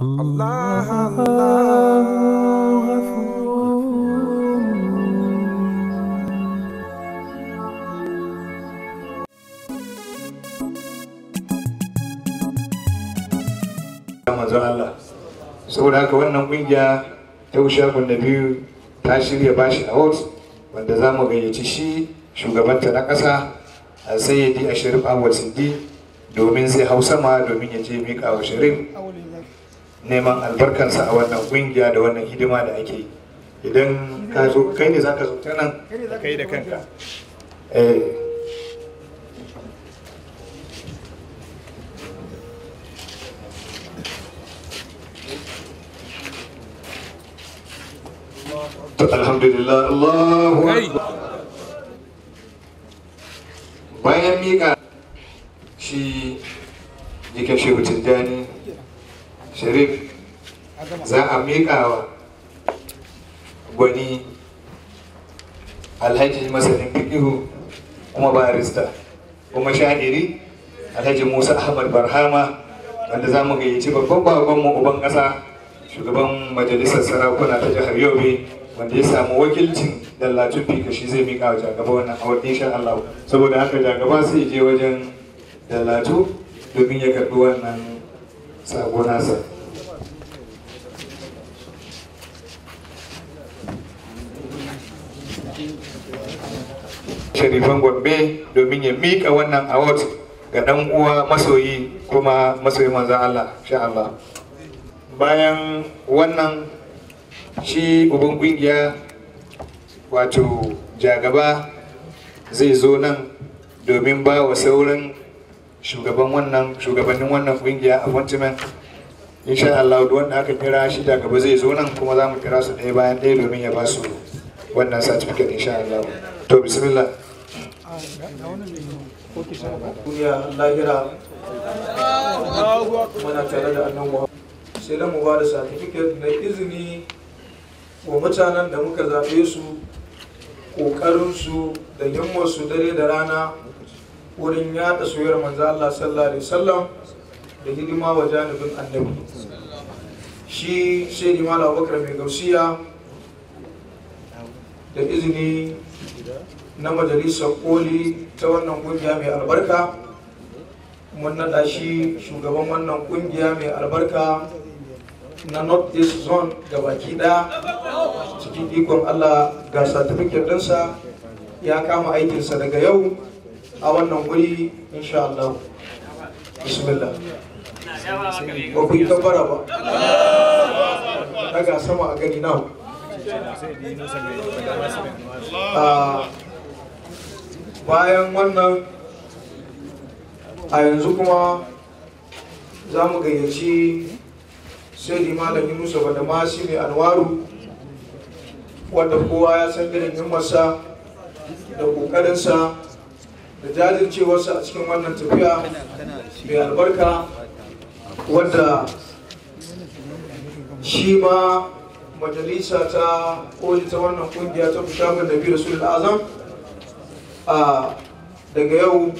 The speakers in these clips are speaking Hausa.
Allah Allah manzon Allah saboda haka wannan kungiya ta ushagun da biyu ta shirya bashi a hot wanda za mu gayyaci shi shugabanta na ƙasa a sayyidi a sharif awal sindi domin zai hau sama domin ya je miƙa wa sharif neman albarkansa a wannan kungiya da wannan hidima da ake yi idan ka zo kai ne za ka zo ta nan kai da kanka eh. alhamdulillah Allahu bayan mika shi jikin shehu tijjani sharif za a miƙawa gwani alhaji masanin fiƙihu kuma barista kuma sha'iri alhaji musa ahmad barhama wanda za mu gayyaci babban mu uban ƙasa shugaban majalisar sarakuna ta jihar yobe wanda ya samu wakilcin dallacin fika shi zai miƙa wa jagaba wannan a wadda insha Allah saboda haka jagaba sai je wajen dallatu domin ya karɓi wannan sagonasa nasa sharifan gombe domin ya miƙa wannan award ga ɗan uwa masoyi kuma masoyi manzan Allah sha Allah bayan wannan shi uban ƙungiya wato jagaba zai zo nan domin ba wa sauran shugaban wannan shugabannin wannan ƙungiya appointment insha Allah wanda aka kira shi daga ba zai zo nan kuma za mu kira su ɗaya bayan ɗaya domin ya ba su wannan certificate insha Allah to bismillah lahira tare da sai da mu ba da certificate na izini wa mutanen da muka zaɓe su ƙoƙarinsu da su dare da rana wurin yaɗa soyar manzo Allah sallallahu alaihi wasallam da hidima wa janibin annabi shi sai limala abubakar mai gausiya da izini na majalisar koli ta wannan kungiya mai albarka mun naɗa shi shugaban wannan kungiya mai albarka na north east zone ga baki ɗaya cikin ikon allah ga satifiket dinsa ya kama aikinsa daga yau a wannan guri insha allah bismillah ba ku yi tabbara ba daga sama a gani na bayan wannan a yanzu kuma za mu gayyaci sai malami musa da shi mai alwaru wadda kowa ya san irin himmarsa da ƙoƙarinsa da jajircewarsa a cikin wannan tafiya mai albarka wadda shi ma majalisa ta koli ta wannan kungiya ta fushamin da biyu da azam daga yau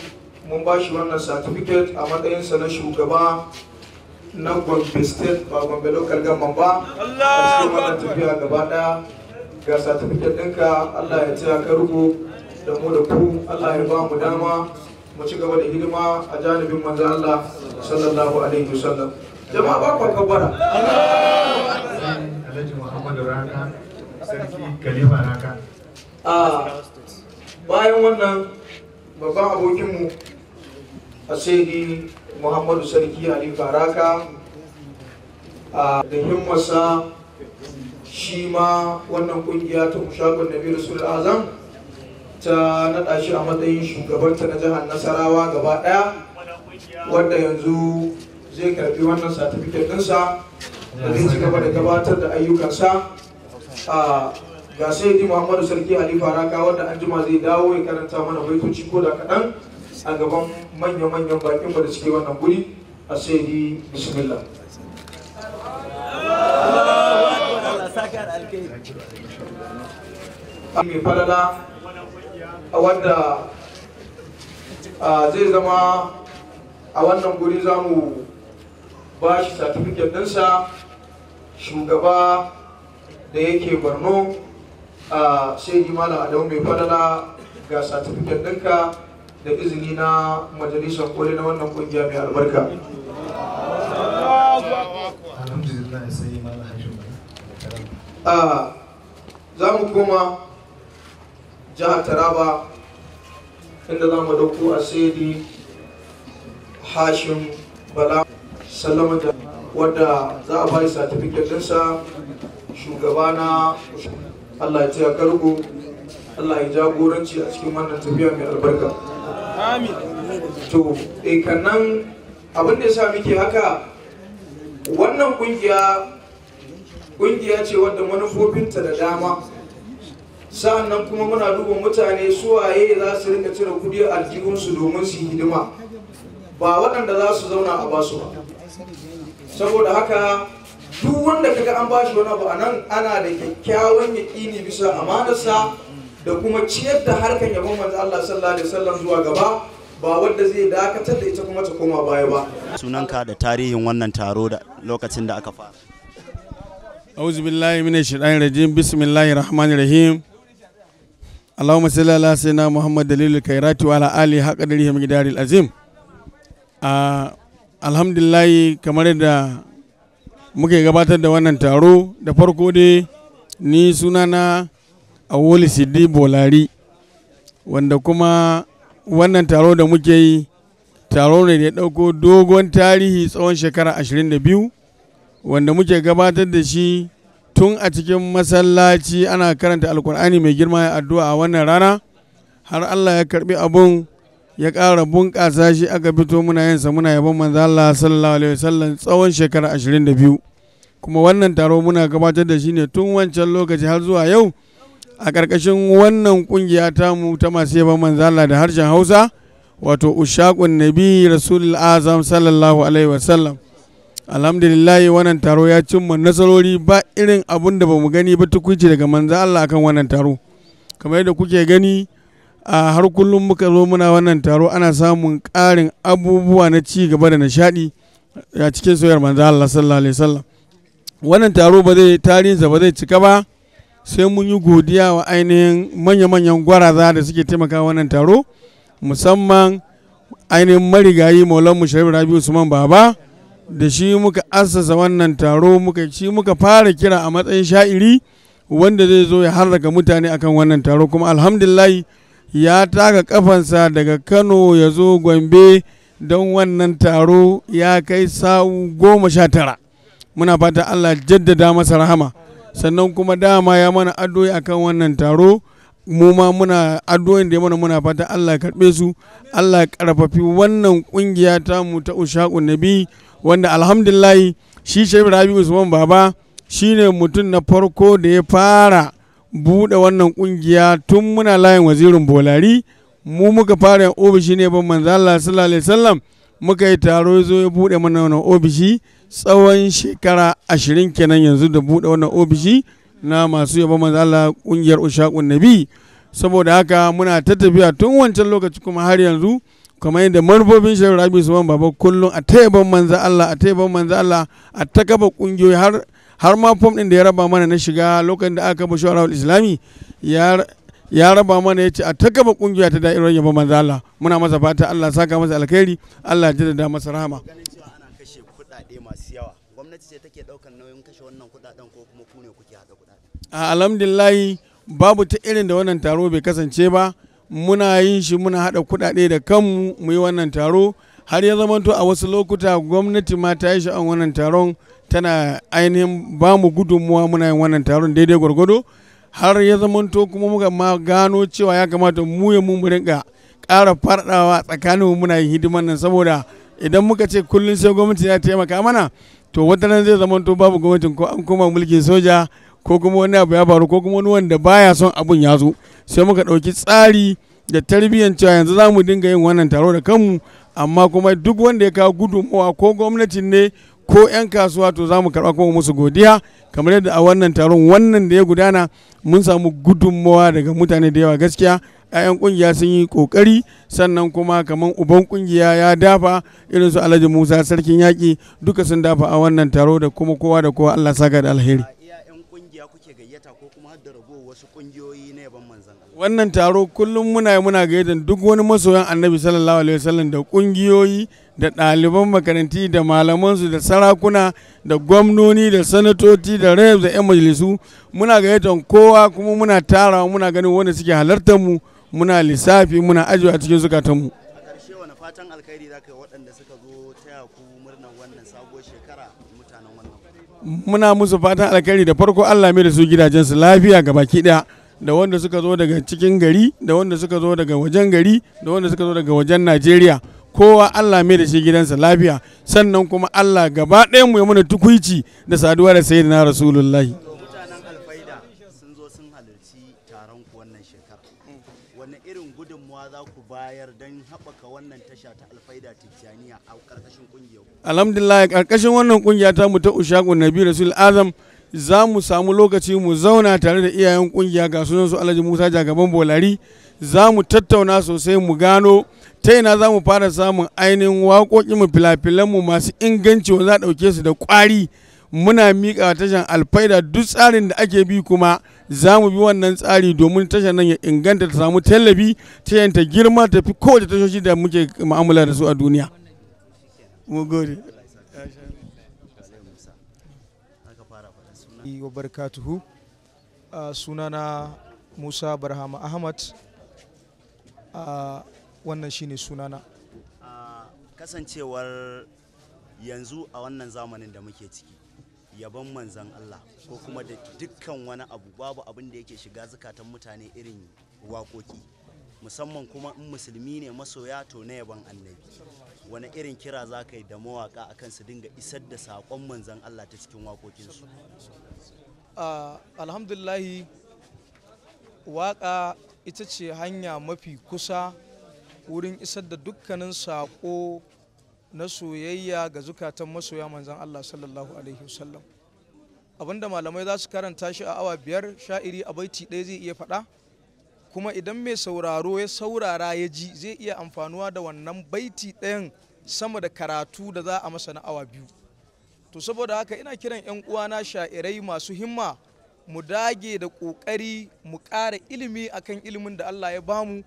mun ba shi wannan certificate a matsayinsa na shugaba na gombe state ba gombe local government ba a cikin wannan tafiya gaba daya ga certificate ɗinka allah ya tsaya ka rubu da mu da ku allah ya ba mu dama mu ci gaba da hidima a janibin manzo allah sallallahu alaihi wasallam jama'a ba ku kabbara alhaji muhammadu raka, sarki kalima raka bayan wannan babban abokinmu a saidi muhammadu sarki ali baraka a da himmasa shi ma wannan kungiya ta mushagun nabi rasul azam ta naɗa shi a matsayin shugabanta na jihar nasarawa gaba ɗaya wadda yanzu zai karɓi wannan satifiket ɗinsa da zai ci gaba da gabatar da ayyukansa a ga sayyidi muhammadu sarki ali faraka wanda anjima zai dawo ya karanta mana baitoci ko da kaɗan a gaban manya-manyan bakin da suke wannan guri a sayyidi bismillah mai falala a wadda zai zama a wannan guri za mu ba shi satifiket ɗinsa shugaba da yake borno sai malam adamu mai fadala ga satifiket ɗinka da izini na majalisar koli na wannan kungiya mai albarka za mu koma jihar taraba inda za mu dauko a saidi hashim bala salama da wadda za a bai satifiket ɗinsa shugabana. Allah ya taya Allah ya jagoranci a cikin wannan tafiya mai albarka amin to eh kannan abin da yasa muke haka wannan kungiya kungiya ce wadda manufofinta da dama sa'annan kuma muna duba mutane suwaye za su rika cire kudi a su domin su hidima ba waɗanda za su zauna a basu ba saboda haka duk wanda kaga an bashi wani abu anan ana da kyakkyawan yaƙini bisa amanarsa da kuma ciyar da harkan yabon manzo Allah sallallahu alaihi wasallam zuwa gaba ba wanda zai dakatar da ita kuma ta koma baya ba sunanka da tarihin wannan taro da lokacin da aka fara a'udhu billahi minash shaitanir rajim bismillahir rahmanir rahim Allahumma salli ala sayyidina Muhammad dalilul khairati wa ala ali haqqa dirhim gidaril azim ah, alhamdulillah kamar yadda muke gabatar da wannan taro da farko dai ni sunana woli siddi bolari wanda kuma wannan taro da muke yi taro ne da ya ɗauko dogon tarihi tsawon shekara 22 wanda muke gabatar da shi tun a cikin masallaci ana karanta alkur'ani mai girma ya addu'a a wannan rana har allah ya karbi abun ya ƙara bunƙasa shi aka fito muna yin sa muna yabon manzo Allah sallallahu alaihi wasallam tsawon shekara 22 kuma wannan taro muna gabatar da shi ne tun wancan lokaci har zuwa yau a ƙarƙashin wannan ƙungiya ta mu ta masu yabon manzo Allah da harshen Hausa wato ushaqun nabi rasulul azam sallallahu alaihi wasallam alhamdulillah wannan taro ya cimma nasarori ba irin abun da bamu gani ba tukunci daga manzo Allah akan wannan taro kamar yadda kuke gani a har kullum muka zo muna wannan taro ana samun karin abubuwa na ci gaba da nishaɗi a cikin soyar manzo Allah sallallahu alaihi wasallam wannan taro ba zai tarihinsa ba zai cika ba sai mun yi godiya wa ainihin manya-manyan gwaraza da suke taimaka wannan taro musamman ainihin marigayi mu sharif rabi usman baba da shi muka assasa wannan taro muka shi muka fara kira a matsayin sha'iri wanda zai zo ya harraka mutane akan wannan taro kuma alhamdulillahi ya taka kafansa daga kano ya zo gombe don wannan taro ya kai sa'u goma sha tara muna fata allah jaddada masa rahama sannan kuma dama ya mana addu'o'i akan wannan taro mu ma muna addu'o'in da ya mana muna fata allah karɓe su allah karfafi wannan kungiya ta mu ta ushaku nabi wanda alhamdulillahi shi shafi rabi usman baba shine mutum na farko da ya fara buɗe wannan ƙungiya tun muna layin wazirin bolari mu muka fara yin ofishi ne ban manzo Allah sallallahu alaihi wasallam muka yi taro zo ya buɗe mana wannan ofishi tsawon shekara ashirin kenan yanzu da buɗe wannan ofishi na masu yaba manzo Allah ƙungiyar ushaqun nabi saboda haka muna ta tafiya tun wancan lokaci kuma har yanzu kamar yadda manufofin shirin rabi su baba kullum a ta ban manzo Allah a ta ban manzo Allah a ta kafa ƙungiyoyi har har ma fom ɗin da ya raba mana na shiga lokacin da aka kafa shawara islami ya raba mana ya ce a takaba kungiya ta da'irar yaba manzo Allah muna masa fata Allah saka masa alkhairi Allah ya da masa rahama a alhamdulillahi babu ta irin da wannan taro bai kasance ba muna yin shi muna haɗa kuɗaɗe da kanmu mu yi wannan taro har ya zamanto a wasu lokuta gwamnati ma ta yi sha'an wannan taron tana ainihin ba mu gudunmuwa muna yin wannan taron daidai gwargwado har ya zamanto kuma muka ma gano cewa ya kamata mu ya mu rinka ƙara farɗawa mu muna yin hidiman nan saboda idan muka ce kullum sai gwamnati ya taimaka mana to wata nan zai zamanto babu gwamnatin ko an koma mulkin soja ko kuma wani abu ya faru ko kuma wani wanda baya son abun ya zo sai muka ɗauki tsari da tarbiyyar cewa yanzu za mu dinga yin wannan taro da kanmu amma kuma duk wanda ya kawo gudunmuwa ko gwamnatin ne ko 'yan kasuwa to za mu karɓa kuma musu godiya kamar yadda a wannan taron wannan da ya gudana mun samu gudummawa daga mutane da yawa gaskiya 'ya'yan kungiya sun yi kokari sannan kuma kamar uban kungiya ya dafa irin su alhaji musa sarkin yaƙi duka sun dafa a wannan taro da kuma kowa da kowa allah saka da alheri kuke gayyata ko kuma wasu wannan taro kullum muna yi muna gaidan duk wani masoyan annabi sallallahu alaihi wasallam da kungiyoyi da ɗaliban makaranti da malamansu da sarakuna da gwamnoni da sanatoci da rayab da 'yan majalisu muna gaidan kowa kuma muna tara muna ganin wanda suke halartar mu muna lissafi muna ajiye a cikin wani fatan alkhairi zaka yi waɗanda suka zo taya ku murnar wannan sabuwar shekara mutanen wannan muna musu fatan alkhairi da farko allah mai da su gidajensu lafiya ga baki daya da wanda suka zo daga cikin gari da wanda suka zo daga wajen gari da wanda suka zo daga wajen najeriya kowa allah mai da shi gidansa lafiya sannan kuma allah gaba ɗaya mu ya mana tukuici da saduwa da sayyidina rasulullahi bayar don wannan a ƙarƙashin ƙungiyar wannan ƙungiya ta mu ta ushaku nabi rasul azam za mu samu lokaci mu zauna tare da iyayen kungiya ga sunan su alhaji musa jagaban bolari za mu tattauna sosai mu gano ta ina za mu fara samun ainihin waƙoƙi filafilan mu masu inganci wanda za a ɗauke su da ƙwari muna miƙa tashan alfaida duk tsarin da ake bi kuma za mu bi wannan tsari domin tashan nan ya inganta ta samu tallafi ta yanta girma ta fi kowace tashoshi da muke mu'amala da su a duniya. wa ah, sunana musa barhama ahmad ah, wannan shine sunana ah, kasancewar yanzu a wannan zamanin da muke ciki yaban manzan Allah ko kuma da dukkan wani abu babu abin da yake shiga zukatan mutane irin waƙoƙi musamman kuma in musulmi ne masoya to na yaban annabi wani irin kira za ka yi da mawaka akan su dinga isar da saƙon manzan Allah ta cikin waƙoƙinsu alhamdulillahi waƙa ita ce hanya mafi kusa wurin isar da dukkanin saƙo na soyayya ga zukatan masoya manzan Allah sallallahu alaihi wasallam abinda malamai za su karanta shi a awa biyar sha'iri a baiti ɗaya zai iya faɗa kuma idan mai sauraro ya saurara ya ji zai iya amfanuwa da wannan baiti ɗayan sama da karatu da za a masa na awa biyu to saboda haka ina kiran 'yan uwana sha'irai masu himma mu dage da ƙoƙari mu ƙara ilimi akan ilimin da Allah ya bamu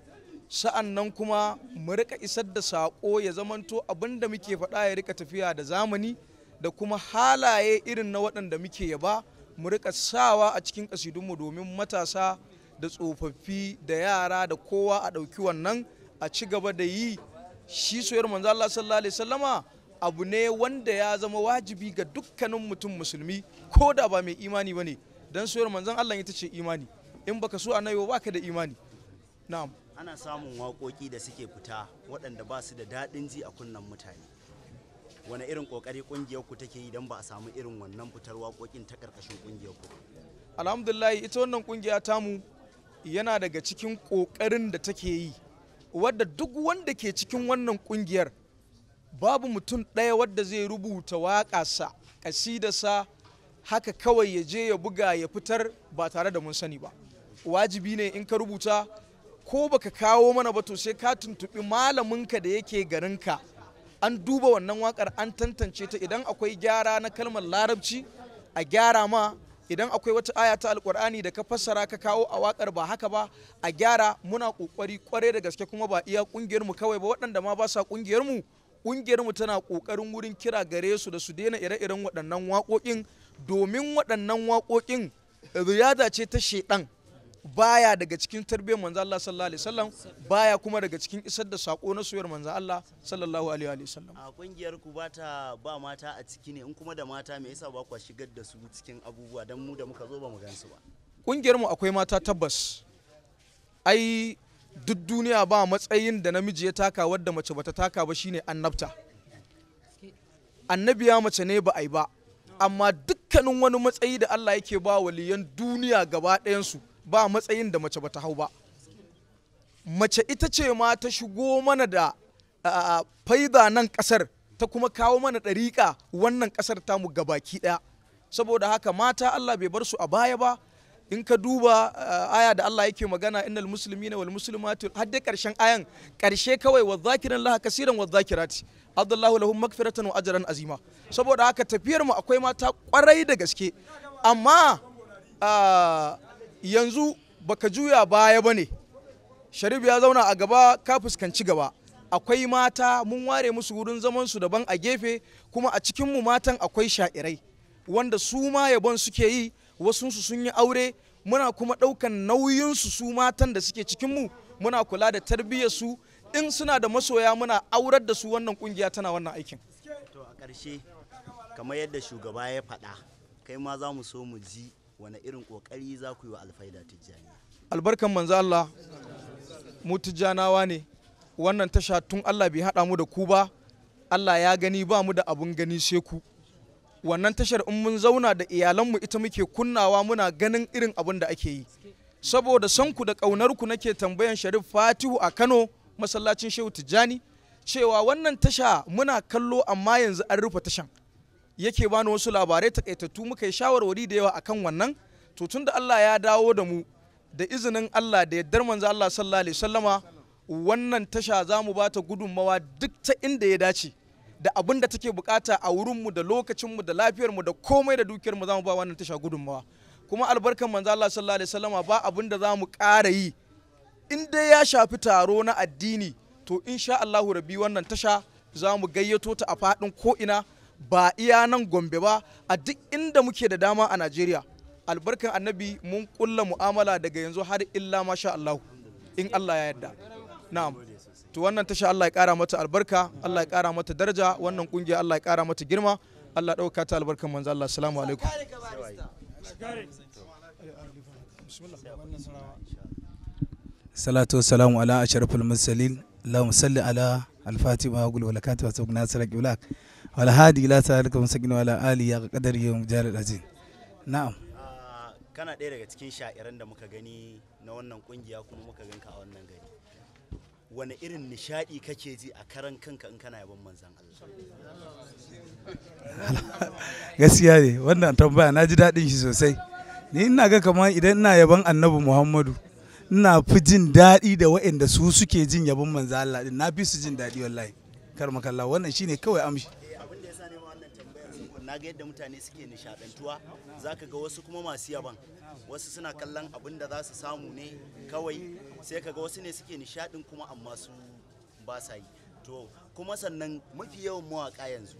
sa'an nan kuma mu rika isar da saƙo ya zamanto abinda muke faɗa ya rika tafiya da zamani da kuma halaye irin na waɗanda muke yaba mu rika sawa a cikin ƙasidunmu domin matasa da tsofaffi da yara da kowa a ɗauki wannan a ci gaba da yi shi soyar manzo Allah sallallahu alaihi wasallama abu ne wanda ya zama wajibi ga dukkanin mutum musulmi ko da ba mai imani ba ne don soyar manzon Allah ita ce imani in baka so annabi ba ka da imani na'am ana samun waƙoƙi da suke fita waɗanda ba su da daɗin ji a kunnen mutane wani irin ƙoƙari ƙungiyar ku take yi don ba a samu irin wannan fitar waƙoƙin ta ƙarƙashin ƙungiyar ku alhamdulillah ita wannan ƙungiya tamu yana daga cikin ƙoƙarin da take yi wadda duk wanda ke cikin wannan ƙungiyar babu mutum ɗaya wadda zai rubuta waƙasa ƙasidasa haka kawai ya je ya buga ya fitar ba tare da mun sani ba wajibi ne in ka rubuta ko baka kawo mana ba to sai ka tuntuɓi malaminka da yake garinka an duba wannan waƙar an tantance ta idan akwai gyara na kalmar larabci a gyara ma idan akwai wata aya ta alkur'ani da ka fassara ka kawo a wakar ba haka ba a gyara muna kokari kwarai da gaske kuma ba iya kungiyar mu kawai ba waɗanda ma ba sa kungiyar mu kungiyar mu tana kokarin wurin kira gare su da su daina ire-iren waɗannan waƙoƙin domin waɗannan waƙoƙin riyada ce ta shedan baya daga cikin tarbiyyar manzo Allah sallallahu alaihi wasallam baya kuma daga cikin isar da sako na soyayyar manzo Allah sallallahu alaihi wasallam a kungiyar ku ba ta ba mata a ciki ne in kuma da mata me yasa ba ku shigar da su cikin abubuwa dan mu da muka zo ba mu gansu ba kungiyar mu akwai mata tabbas ai duk duniya ba matsayin da namiji ya taka wadda mace bata taka ba shine annabta annabiya mace ne ba ai ba amma dukkanin wani matsayi da Allah yake ba waliyan duniya gaba ɗayansu su ba matsayin da mace bata hau ba mace ita ce ma ta shigo mana da faida nan kasar ta kuma kawo mana ɗariƙa wannan kasar tamu gabaki ɗaya saboda haka mata Allah bai bar su a baya ba in ka duba aya da Allah yake magana innal muslimina wal muslimatu har dai karshen ayan karshe kawai wa zakirin laha kasiran wa zakirati Allahu lahum magfiratan wa ajran azima saboda haka tafiyar mu akwai mata kwarai da gaske amma yanzu baka juya baya ba ne sharif ya zauna a gaba ka fuskanci gaba akwai mata mun ware musu wurin zaman su daban a gefe kuma a cikin mu matan akwai sha'irai wanda su ma yabon suke yi wasu su sun yi aure muna kuma ɗaukan nauyin su su matan da suke cikin mu muna kula da tarbiyyar su in suna da masoya muna aurar da su wannan kungiya tana wannan aikin to a ƙarshe kamar yadda shugaba ya faɗa kai ma za mu so mu ji wani irin kokari za ku yi wa alfaida tijjani albarkan manzo Allah mu tijjanawa ne wannan tasha tun Allah bai hada mu da ku ba Allah ya gani ba mu da abun gani sai ku wannan tashar in mun zauna da iyalanmu ita muke kunnawa muna ganin irin abun da ake yi saboda sanku da ku nake tambayan sharif fatihu a kano masallacin shehu tijjani cewa wannan tasha muna kallo amma yanzu an rufe tashan yake bani wasu labarai takaitattu muka yi shawarwari da yawa akan wannan to tunda Allah ya dawo da mu da izinin Allah da yardar manzo Allah sallallahu alaihi wasallama wannan tasha za mu ba ta gudunmawa duk ta inda ya dace da abin da take bukata a wurinmu da lokacinmu da lafiyarmu da komai da dukiyarmu za mu ba wannan tasha gudunmawa kuma albarkan manzo Allah sallallahu alaihi wasallama ba abin da za mu ƙara yi in dai ya shafi taro na addini to insha Allahu rabbi wannan tasha za mu gayyato ta a faɗin ko ina ba iya nan gombe ba a duk inda muke da dama a najeriya albarkan annabi mun kulla mu'amala daga yanzu har illa masha Allah in Allah ya yarda na'am to wannan tasha Allah ya kara mata albarka Allah ya kara mata daraja wannan kungiya Allah ya kara mata girma Allah ɗauka ta albarkan manzo Allah assalamu alaikum salatu wassalamu ala ashrafil mursalin اللهم ala على الفاتحه وقل ولكاتب وسوق nasarar قبلك wal hadi ila sa'alika musakin wala ali ya kadar yawm jalal azim na'am ah, kana ɗaya daga cikin sha'iran da muka gani na wannan kungiya kuma muka ganka a wannan gari wani irin nishadi kake ji a karan kanka in kana yabon manzan Allah gaskiya ne wannan tambaya na ji daɗin shi sosai ni ina ga kamar idan ina yabon annabi Muhammadu ina fi jin daɗi da wa'inda su suke jin yabon manzan Allah na fi su jin daɗi wallahi kar makalla wannan shine kawai amshi na ga yadda mutane suke nishadantuwa za ka ga wasu kuma masu yaban wasu suna kallon abin da za su samu ne kawai sai ka ga wasu ne suke nishadin kuma amma su ba sa yi to kuma sannan mafi yawan mawaka yanzu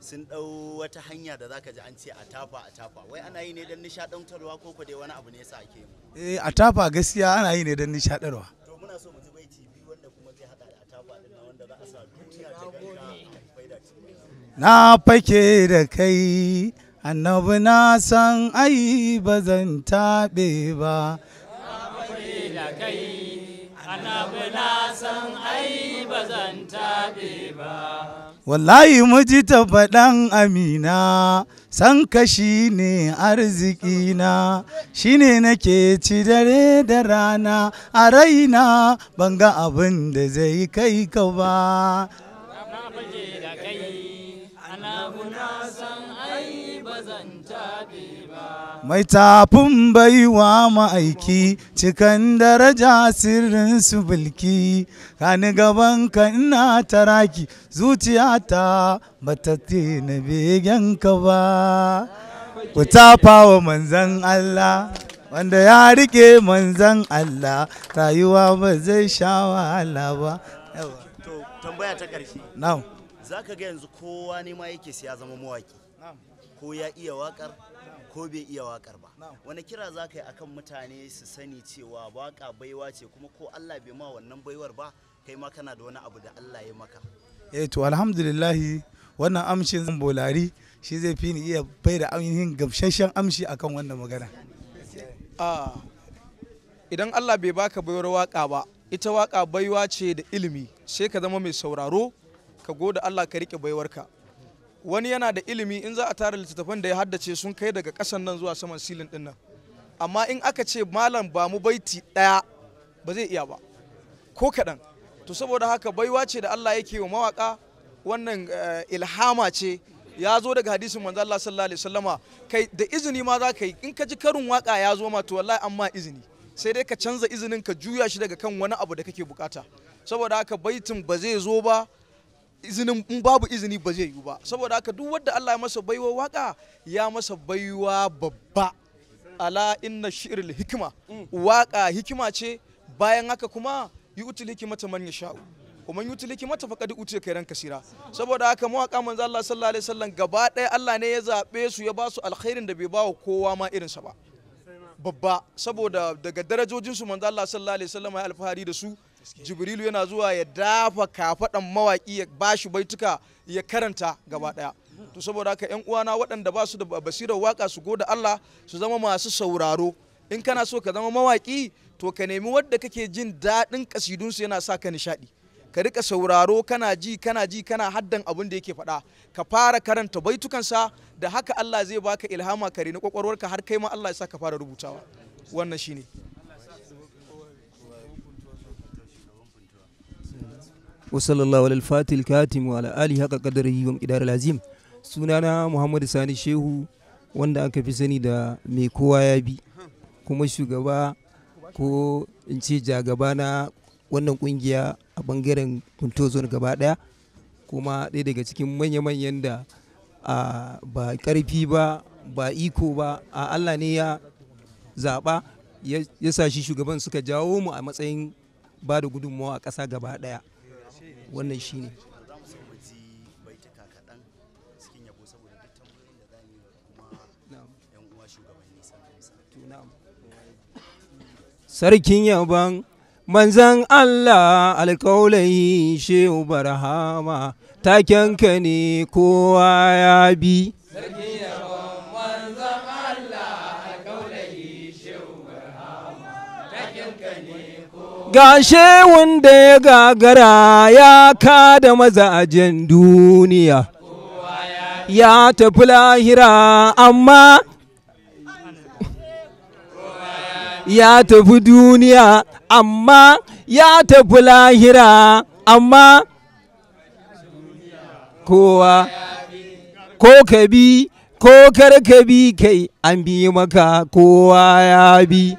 sun ɗau wata hanya da za ka ji an ce a tafa a tafa wai ana yi ne don nishadantarwa ko ko dai wani abu ne sa ake yi eh a tafa gaskiya ana yi ne don nishadarwa to muna so mu ji baiti tv wanda kuma zai hada da a tafa din wanda za a sa duniya ta ga faida ce na fake da kai annabi na san ai ba zan taɓe ba wallahi muji ta faɗan amina san ka shi ne arzikina shi ne nake ci dare da rana a raina ban ga abin da zai kai ka ba mai tafin baiwa ma'aiki cikan daraja sirrin su bilki kani gaban ka ina taraki zuciyata ta na begen ka ba ku tafa wa manzan Allah wanda ya rike manzan Allah rayuwa ba zai sha wahala ba to tambaya ga yanzu kowa ne ma yake siya zama mawaki ko ya iya wakar ko bai iya wakar ba wani kira za ka yi akan mutane su sani cewa waka baiwa ce kuma ko Allah bai ma wannan baiwar ba kai ma kana da wani abu da Allah ya maka eh to alhamdulillahi wannan amshin bolari shi zai fi ni iya bai da ainihin gamsasshen amshi akan wannan magana idan Allah bai baka baiwar waka ba ita waka baiwa ce da ilimi sai ka zama mai sauraro ka goda Allah ka rike baiwarka wani yana da ilimi in za a tara littattafan da ya haddace sun kai daga kasan nan zuwa saman silin din nan amma in aka ce malam ba mu baiti ɗaya ba zai iya ba ko kaɗan to saboda haka baiwa ce da Allah yake wa mawaka wannan eh, ilhama ce ya zo daga hadisin manzo Allah sallallahu alaihi wasallama kai da izini ma za ka yi in ka ji karin waka ya zo ma to wallahi amma izini sai dai ka canza izinin ka juya shi daga kan wani abu da kake bukata saboda haka baitin ba zai zo ba izinin in babu izini ba zai yiwu ba saboda haka duk wanda Allah ya masa baiwa waka ya masa baiwa babba ala inna shi'ril hikima waka hikima ce bayan haka kuma yu'til hikimata man yasha'u ومن يؤتي الحكمة فقد أوتي خيرا kasira saboda haka mawaka manzo Allah sallallahu alaihi wasallam gaba ɗaya Allah ne ya zabe su ya ba su alkhairin da bai ba kowa ma irin sa ba babba saboda daga darajojin su manzo Allah sallallahu alaihi wasallam ya alfahari da su jibrilu yana zuwa ya dafa kafaɗan mawaƙi ya bashi baituka ya karanta gaba ɗaya to saboda haka yan uwana waɗanda ba su da basirar waka su goda Allah su zama masu sauraro in kana so ka zama mawaƙi to ka nemi wadda kake jin daɗin kasidunsu yana sa ka nishaɗi ka rika sauraro kana ji kana ji kana haddan abin da yake faɗa ka fara karanta baitukansa da haka Allah zai baka ilhama ka na kwakwalwarka har kai ma Allah ya sa ka fara rubutawa wannan shine وصلى الله على الفاتح haka kadari آله حق قدره ومقدار العظيم sunana muhammadu sani shehu wanda aka fi sani da mai kowa ya bi kuma shugaba ko in ce jagaba na wannan kungiya a bangaren kuntozon gaba daya kuma ɗaya daga cikin manya-manyan da ba ƙarfi ba ba iko ba a allah ne ya zaɓa yasa shi shugaban suka jawo mu a matsayin ba da gudunmawa a ƙasa gaba ɗaya wannan ne sarkin yaban manzan Allah alƙaulai shehu barhama takenka ne kowa ya bi sarkin yaban gashe wanda ya gagara ya kada mazajen duniya ya tafi lahira amma ya tafi duniya amma ya tafi lahira amma kowa ko ka bi ko kar ka bi kai an bi maka kowa ya bi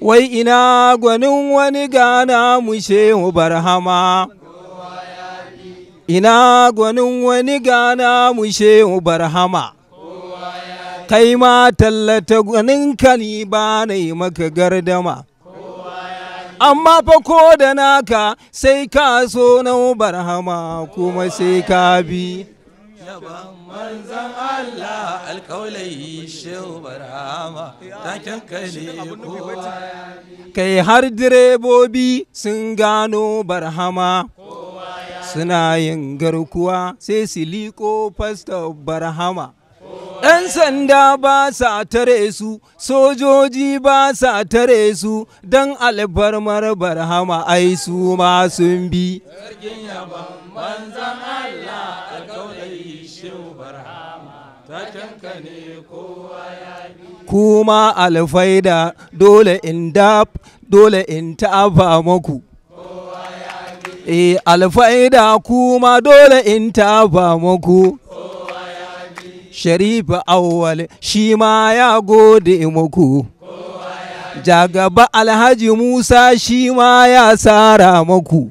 wai ina gwanin wani gana mu shehu barhama ina gwanin wani gana mu shehu barhama kai ma tallata gwanin kani ba na yi maka gardama amma fa ko da naka sai ka so na barhama kuma sai ka bi yaban manzan Allah shehu kowa kai har direbobi sun gano barhama suna yin garkuwa sai su liko fasta barhama Ɗan sanda ba sa tare su, sojoji ba sa tare su, don albarmar barhama ai su ma sun bi. kuma alfaida dole in dab dole in taba muku e eh, alfaida kuma dole in tafa muku sharifa awwal shi ma ya gode muku jagaba alhaji musa shi ma ya sara muku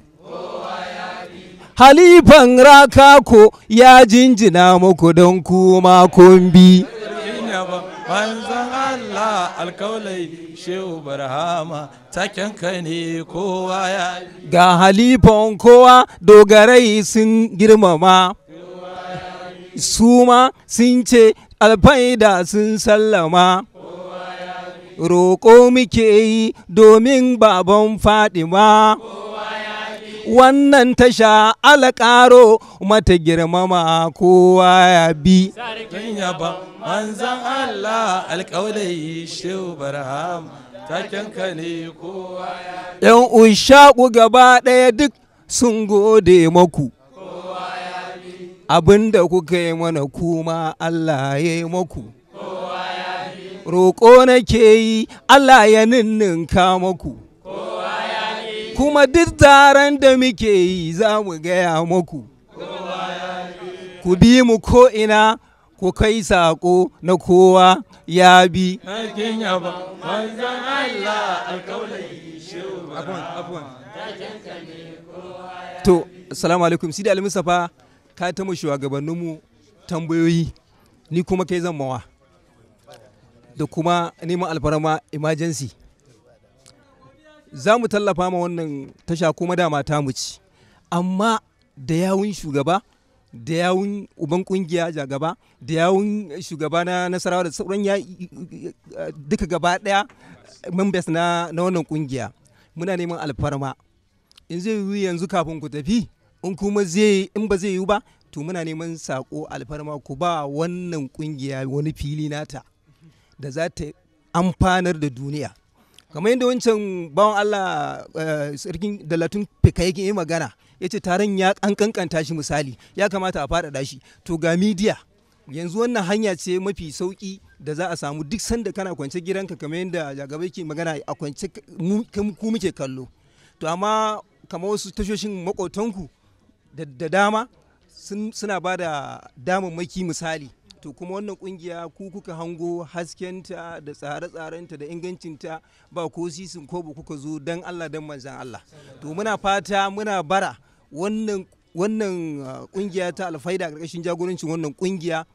halifan raka ko ya jinjina muku don kuma kun bi Allah alkaulai shehu barhama taken ne kowa ya ga halifan kowa dogarai sun girmama suma sun ce alfaida sun sallama roƙo muke yi domin baban fadima kowa wannan tasha alƙaro mata girmama kowa ya bi sarkin manzan Allah alƙawalai shehu barham taken ka ne kowa ya bi yan ushaku gaba ɗaya duk sun gode maku Abinda kuka yi mana kuma Allah ya yi maku roƙo nake yi Allah ya ninninka maku kuma duk taron da muke yi za mu gaya muku ku bi mu ko'ina ku kai sako na kowa ya bi to assalamu alaikum sidi almusafa ka ta mu shugabanninmu tambayoyi ni kuma kai zan mawa da kuma neman alfarma emergency za mu tallafa ma wannan tasha kuma dama ta mu ci amma da yawun shugaba da yawun uban kungiya ja gaba da yawun shugaba na nasarawa da sauran ya duka gaba daya members na na wannan kungiya muna neman alfarma in zai yi yanzu kafin ku tafi in kuma zai in ba zai yi ba to muna neman sako alfarma ku ba wannan kungiya wani fili nata da za ta amfanar da duniya kamar yadda wancan bawan Allah eh, sarkin dalatun fika yake yi magana ya ce taron ya an kankanta shi misali ya kamata a faɗaɗa shi to ga midiya yanzu wannan hanya ce mafi sauki da za a samu duk sanda kana kwance gidanka kamar yadda jagaba yake magana a kwance ku muke kallo to amma kamar wasu tashoshin makotanku da dama suna ba da damammaki misali to kuma wannan kungiya ku kuka hango haskenta da tsare-tsarenta da ingancinta ba ko sisin ko ba kuka zo dan Allah dan manzan Allah to muna fata muna bara wannan wannan kungiya ah, ta alfaida a ƙarƙashin jagorancin wannan kungiya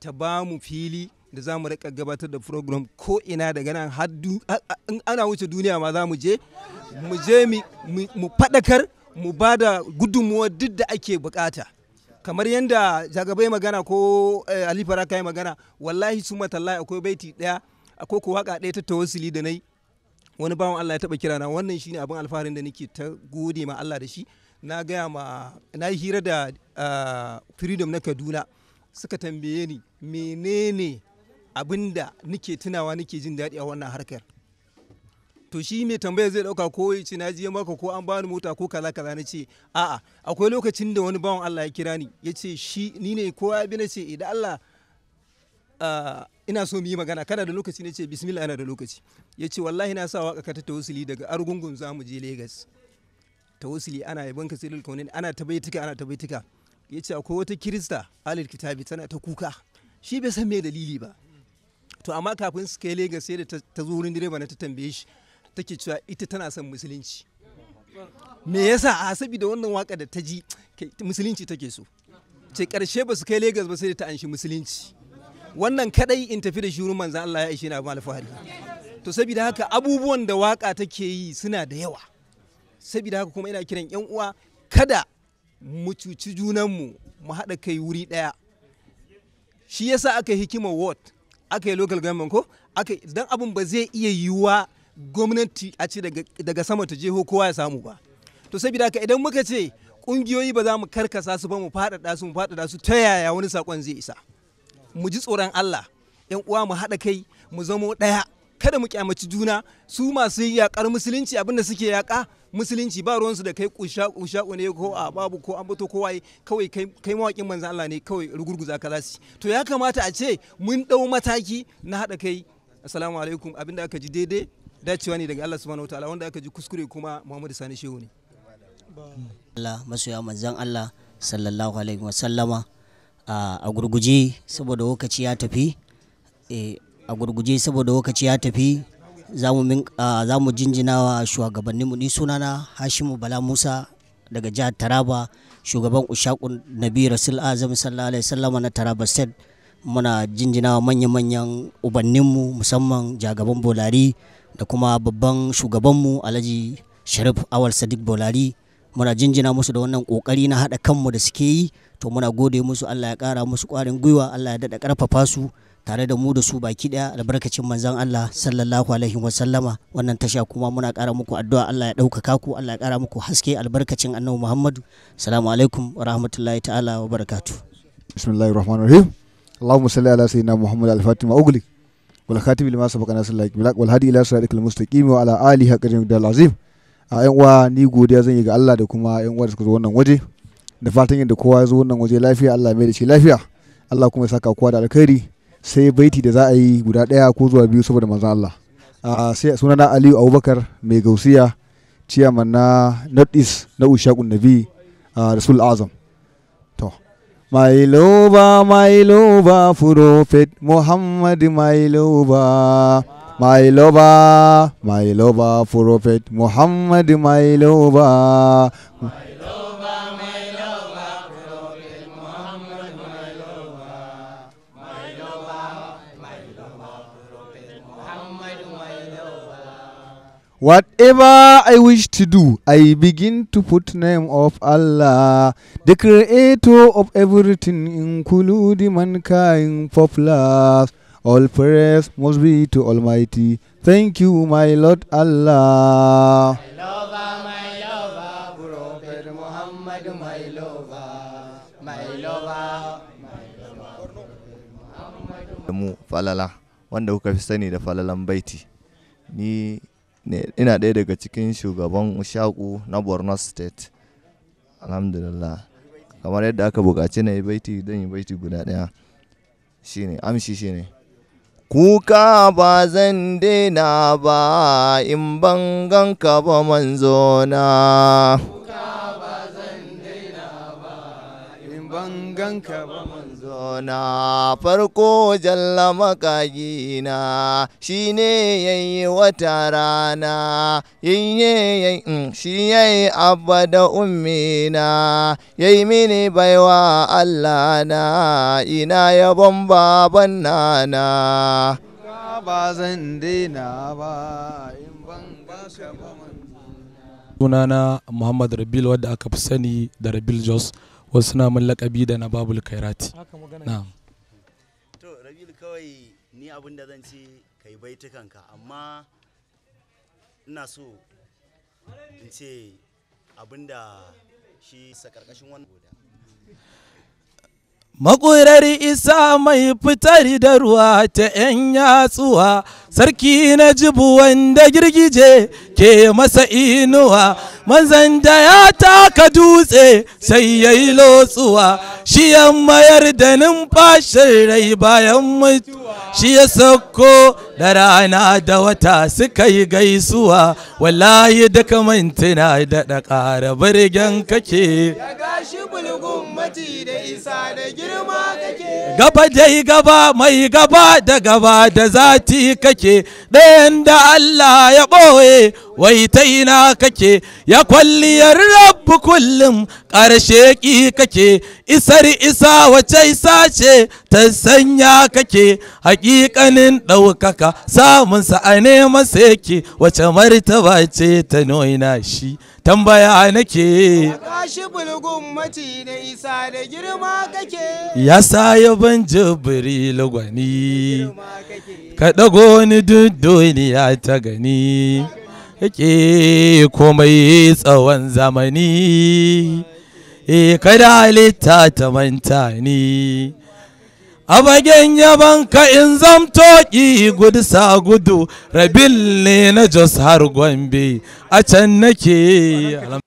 ta ba mu fili da za mu rika gabatar da program ko ina daga nan haddu in ana wuce duniya ma za mu je mu je mu faɗakar mu ba da gudunmuwa duk da ake bukata kamar yadda jagabai magana ko eh, ali faraka magana wallahi su matallahi akwai baiti daya akwai ko waka daya ta tawassuli da nai wani bawan Allah ya taba kira na wannan shine abin alfaharin da nake ta gode ma Allah da shi na gaya ma na yi hira da ah, freedom na Kaduna suka tambaye ni menene abinda nake tunawa nake jin daɗi a wannan harkar to shi mai tambaya zai dauka ko ya ce na je maka ko an bani mota ko kaza kaza na ce a'a akwai lokacin da wani bawan Allah ya kira ni ya ce shi ni ne ko ya bi na ce idan Allah ina so mu yi magana kana da lokaci ne ce bismillah ina da lokaci ya ce wallahi na sa waka ka ta tawassuli daga argungun za mu je Lagos tawassuli ana yaban ka sai kaunin ana ta baitika ana tabaitika ya ce akwai wata kirista alil kitabi tana ta kuka shi bai san me dalili ba to amma kafin su kai Lagos sai da ta zo wurin direba na ta tambaye shi take cewa ita tana son musulunci me yasa a da wannan waka da ta ji musulunci take so ce karshe ba su kai Legas ba sai da ta anshi musulunci wannan kadai in tafi da shi manzan Allah ya ishe na alfahari to saboda haka abubuwan da waka take yi suna da yawa saboda haka kuma ina kiran yan uwa kada mu cuci junanmu mu haɗa kai wuri ɗaya shi yasa aka hikima ward aka yi local government ko aka dan abun ba zai iya yiwuwa gwamnati a ce daga sama ta jeho kowa ya samu ba to saboda haka idan muka ce kungiyoyi ba za mu karkasa su ba mu faɗaɗa su mu faɗaɗa su ta yaya wani sakon zai isa mu ji tsoron Allah yan uwa mu haɗa kai mu zamo ɗaya kada mu kyamaci juna su masu yaƙar musulunci abinda suke yaƙa musulunci ba ruwansu da kai kusha kusha ne ko a babu ko an bato kowa kawai kai mawakin manzan Allah ne kawai rugurguza ka zasu to ya kamata a ce mun ɗau mataki na haɗa kai assalamu alaikum abinda aka ji daidai dacewa ne daga Allah subhanahu wataala wanda aka ji kuskure kuma Muhammadu Sani Shehu ne Allah masoya manzan Allah sallallahu alaihi wasallama a gurguje saboda lokaci ya tafi e, a gurguje saboda lokaci ya tafi za mu jinjinawa shugabanninmu ni sunana Hashimu Bala Musa daga jihar Taraba shugaban Ushakun Nabi Rasul Azam sallallahu alaihi wasallama na Taraba State muna jinjinawa manya-manyan ubanninmu musamman jagaban Bolari da kuma babban shugabanmu alhaji sharif awal sadiq bolari muna jinjina musu da wannan kokari na haɗa kanmu da suke yi to muna gode musu allah ya ƙara musu ƙwarin gwiwa allah ya daɗa ƙarfafa su tare da mu da su baki ɗaya. albarkacin manzan Allah sallallahu alaihi wasallama wannan tasha kuma muna ƙara muku addu'a Allah ya ɗaukaka ku Allah ya ƙara muku haske albarkacin annabi Muhammadu salamu alaikum wa rahmatullahi ta'ala wa barakatu. bismillahir rahmanir rahim Allahumma salli ala sayyidina Muhammad al-Fatima ugli wal khatib lima sabaka nasu laki bilak wal hadi ila siratikal mustaqim wa ala alihi haqqin dal azim a yan uwa ni godiya zan yi ga Allah da kuma yan uwa da suka zo wannan waje da fatan yadda kowa ya zo wannan waje lafiya Allah mai da shi lafiya Allah kuma ya saka kowa da alkhairi sai baiti da za a yi guda ɗaya ko zuwa biyu saboda manzon Allah sai sunana Aliyu Abubakar mai gausiya ciyaman na North East na Ushaqun Nabi Rasul Azam My lover, my lover, Prophet Muhammad, my lover. My lover, my lover, Prophet Muhammad, my lover. My Whatever I wish to do, I begin to put name of Allah, the creator of everything, including mankind, for plus. All praise must be to Almighty. Thank you, my Lord Allah. My lover, my lover, Prophet Muhammad, my lover, my lover, my lover. Mu falala, wanda kuka fi sani da falalan baiti. Ni ne ina ɗaya daga cikin shugaban shaƙu na borno state alhamdulillah kamar yadda aka buƙaci na yi baiti don yi baiti guda ɗaya shine amshi shine kuka ba zan daina ba in ban ganka ba manzona ganka ba manzo na farko jalla makagina shine yayi wata rana yayi mm, shi yayi abba da ummina yayi mini baiwa Allah na ina yabon baban nana ba zan dina ba in ban ba ka ba sunana Muhammad Rabil wadda aka fi sani da Rabil Jos wasu na mun lakabi da na babul kairati na'am to rabil kawai ni abin da zan ce kai baitukanka amma ina so in ce abin da shi sakarkashin wannan Makurar isa mai fitar da ruwa ta ‘yan yatsuwa, sarki na jibu wanda girgije ke masa inuwa, manzan da ya taka dutse sai ya yi lotsuwa, shi ya mayar da numfashin rai bayan mutu shi ya sauko da rana da wata suka yi gaisuwa, wallahi da kamantina da ɗaƙara birgen kake. Ya gashi bulgu tabbaci da isa da girma kake gaba dai gaba mai gaba da gaba da zati kake ɗayan da Allah ya ɓoye wai ta ina kake ya kwalliyar rabbu kullum ƙarshe ƙi kake isar isa wace isa ce ta sanya kake haƙiƙanin ɗaukaka samunsa a neman sa yake wace martaba ce ta noina shi tambaya nake ya sa ban jibiri gwani ka ɗago ni duk duniya ta gani yake komai tsawon zamani e eh, kada halitta ta manta ni a bagen yabanka in zamto ki gudu sa gudu rabil ne na jos har gombe a can nake